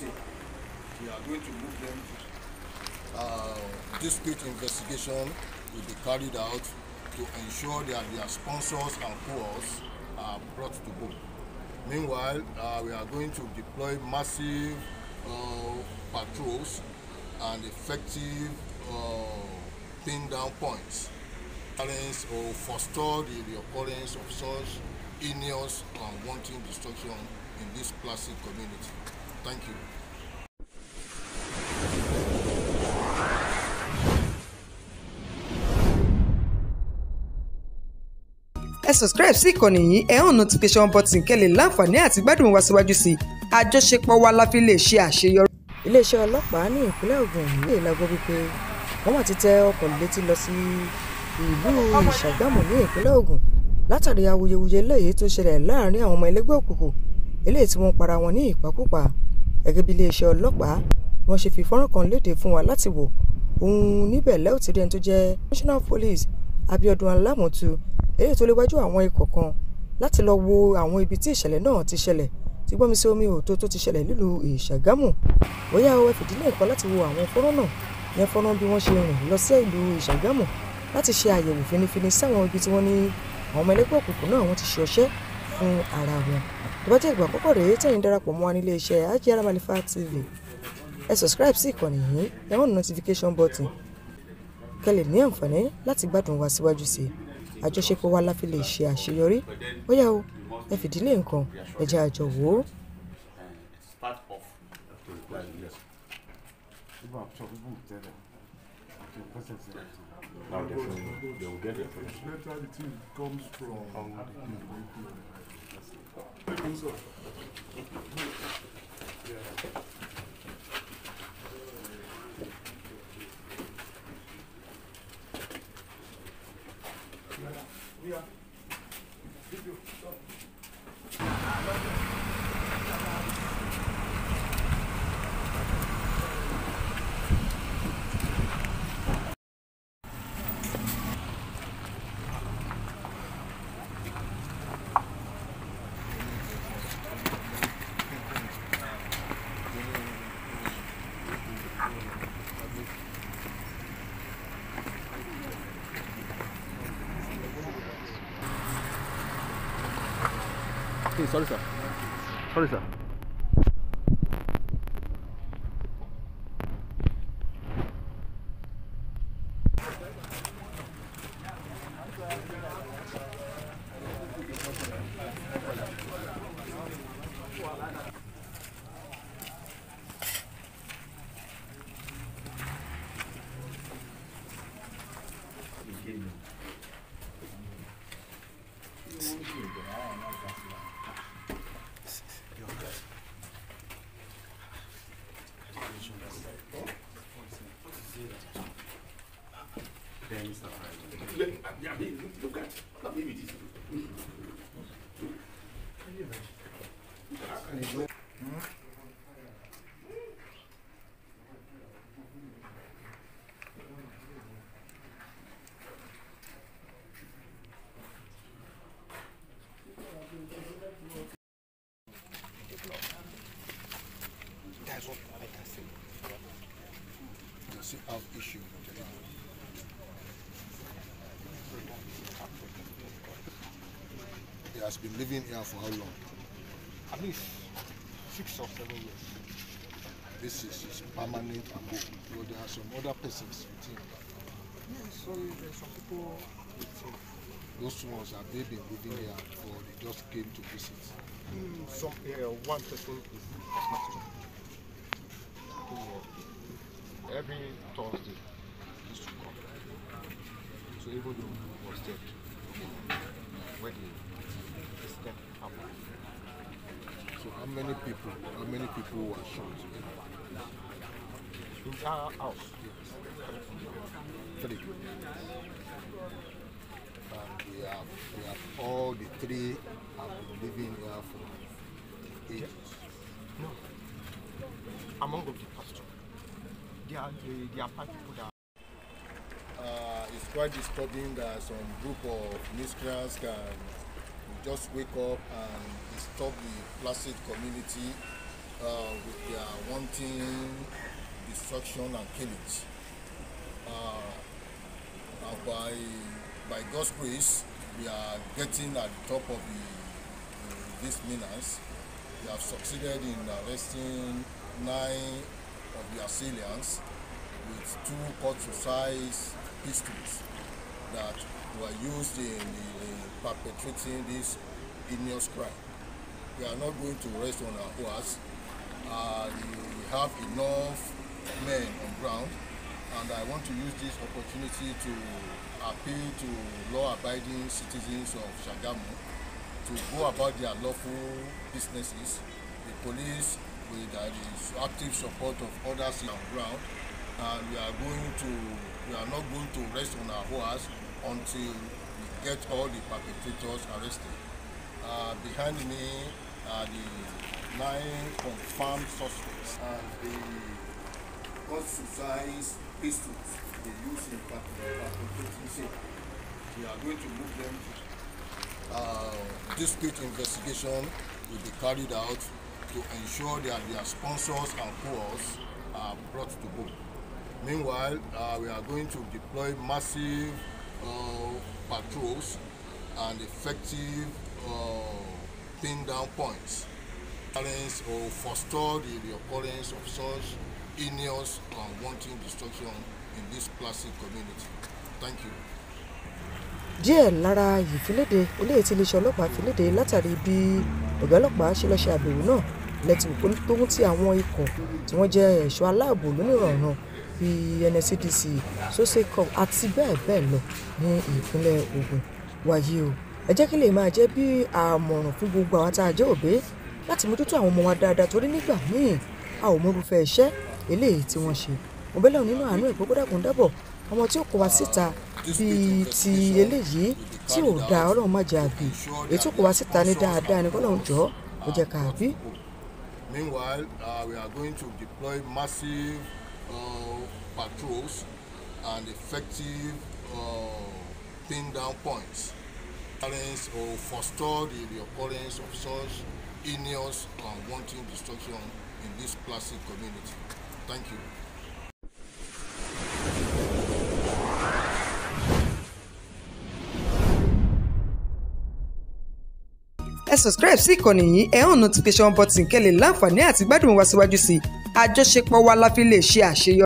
we are going to move them to uh, dispute investigation will be carried out to ensure that their sponsors and co-ops are brought to book. Meanwhile, uh, we are going to deploy massive uh, patrols and effective uh, pin down points or forestall the occurrence of such heinous and wanting destruction in this classic community. Thank you. ẹ subscribe sí ìkànnì yìí ẹ hàn notification button kẹ́lẹ̀ láǹfààní àti gbádùn wa síwájú sí i àjọṣepọ̀ wa la fi lè ṣe àṣeyọrí. iléeṣẹ́ ọlọ́pàá ní ìpínlẹ̀ Ògùn lè lagbó wípé wọ́n mà ti tẹ ọkọ̀ létí lọ sí ìlú Ìṣàgámù ní ìpínlẹ̀ Ògùn látàrí awuyewuye eléyìí tó ṣẹlẹ̀ láàrin àwọn ọmọ ẹlẹ́gbẹ́ òkùnkùn eléyìí tí wọ́n para wọn ní ìpakúpa gẹ́gẹ́ bí iléeṣẹ́ ọlọ́pàá bí wọ́n ṣe fi fọ́nrán kan léde fún wa láti wò òun níbẹ̀ lẹ́ ò ti rí ẹni tó jẹ́ national police Abiodun Alamutu eléyìí tó léwájú àwọn ikọ̀ kan láti lọ wo àwọn ibi tí ìṣẹ̀lẹ̀ náà ti ṣẹlẹ̀ tí gbọ́mi sí omi òtó tó ti ṣẹlẹ̀ nílùú Ìṣàgámù bóyá ẹ fìdílé nǹkan láti wo àwọn fọ́nrán náà yẹn fọ́nrán bí wọ́n ṣe rìn lọ sí ìlú Ìṣàgámù láti ṣe àyẹ̀wò finifini sáwọn ibi tí wọ́n ní àwọn ọmọ ẹlẹ́gbẹ́ òkùnkùn náà wọ́n ti ṣe ọṣẹ́ fún ara wọn tó bá jẹ́ ìgbà àkọ́kọ́ rèé tẹ̀yin darapọ̀ mọ́ wa nílé iṣẹ́ Ajiara Manifa TV ẹ subscribe sí ìkànnì yìí ẹ wọ́n notification button kẹ́ lè ní àǹfààní láti gbádùn wa síwájú sí i àjọṣepọ̀ wa la fi lè ṣe àṣeyọrí ó o ẹ fìdílé nǹkan ẹ jẹ́ àjọ wò ó. Now, they will get their information. Later, it comes from. Um, Thanks a lot. 이 썰어 썰어 썰어 Thank you. stuff right now. I mean, look at, look at me with this. has been living here for how long? At least six or seven years. This is his permanent abode, but there are some other persons with him. Yes, so there's some people with him. Those ones have they been living here or they just came to visit? Mm, some, uh, one person is asthmatic. Every Thursday, he used to come. So even though he was dead, when he many people, how many people were shot? In our house? Yes. Three. And they have, they have all the three have been living here for ages. No. Among the pastor, they are, they, they are people that uh, it's quite disturbing that some group of miscreants can just wake up and disturb the placid community uh, with their wanting destruction and killing. Uh, uh, by, by God's grace, we are getting at the top of the, uh, these menace. We have succeeded in arresting nine of the assailants with two cut-to-size pistols that were used in, in, in perpetrating this heinous crime. We are not going to rest on our horse. Uh, we have enough men on ground, and I want to use this opportunity to appeal to law-abiding citizens of Shagamu to go about their lawful businesses. The police, with uh, the active support of others on ground, and we are going to we are not going to rest on our horse until we get all the perpetrators arrested. Uh, behind me are the nine confirmed suspects and the ostracized pistols they use in perpetrating We are going to move them uh, This uh, investigation will be carried out to ensure that their sponsors and co-ops are brought to book. Meanwhile, uh, we are going to deploy massive uh, patrols and effective uh, pin down points balance or forestall the, the occurrence of such heinous and wanton destruction in this placid community. Thank you. díẹ̀ lára ìfiléde eléyìí tí iléeṣẹ́ ọlọ́pàá filéde látàrí bí ọ̀gá ọlọ́pàá ṣe lọ́ọ́ ṣe àbẹ̀wò náà lẹ́tìwò tó ń ti àwọn ikọ̀ tí wọ́n jẹ́ ẹ̀ṣọ́ aláàbò lónìrànràn bíi nscdc soseco àti bẹ́ẹ̀ bẹ́ẹ̀ lọ ní ìpínlẹ̀ Ògùn wáyé o ẹ jẹ́ kí lè máa jẹ́ bí àmọ̀ràn fún gbogbo àwọn tá a jẹ́ òbí láti mójútó àwọn ọmọ wa dáadáa torí nígbà míì a ò mọrúfẹ́ iṣẹ́ eléyìí tí wọ́n ṣe òbẹ́lẹ̀ nínú àánú ìgbókòdàkùn dábọ̀ ọmọ tí ó kó wa síta bíi ti eléyìí tí ò da ọlọ́run má jẹ́ àbí èyí tó kó wa síta ní dáadáa ní kọ́lọ́run jọ́ ó jẹ́ ká àbí. Meanwhile, uh, we are going to deploy massive Uh, patrols and effective uh, pin down points parents or forestall the reoccurrence of such heinous and wanton destruction in this classic community. Thank you. ẹ subscribe sí ìkànnì yìí ẹ hàn notification button kẹ́ lè láǹfààní àti gbádùn wa síwájú sí i àjọṣepọ̀ wa la fi lè ṣe àṣeyọrí.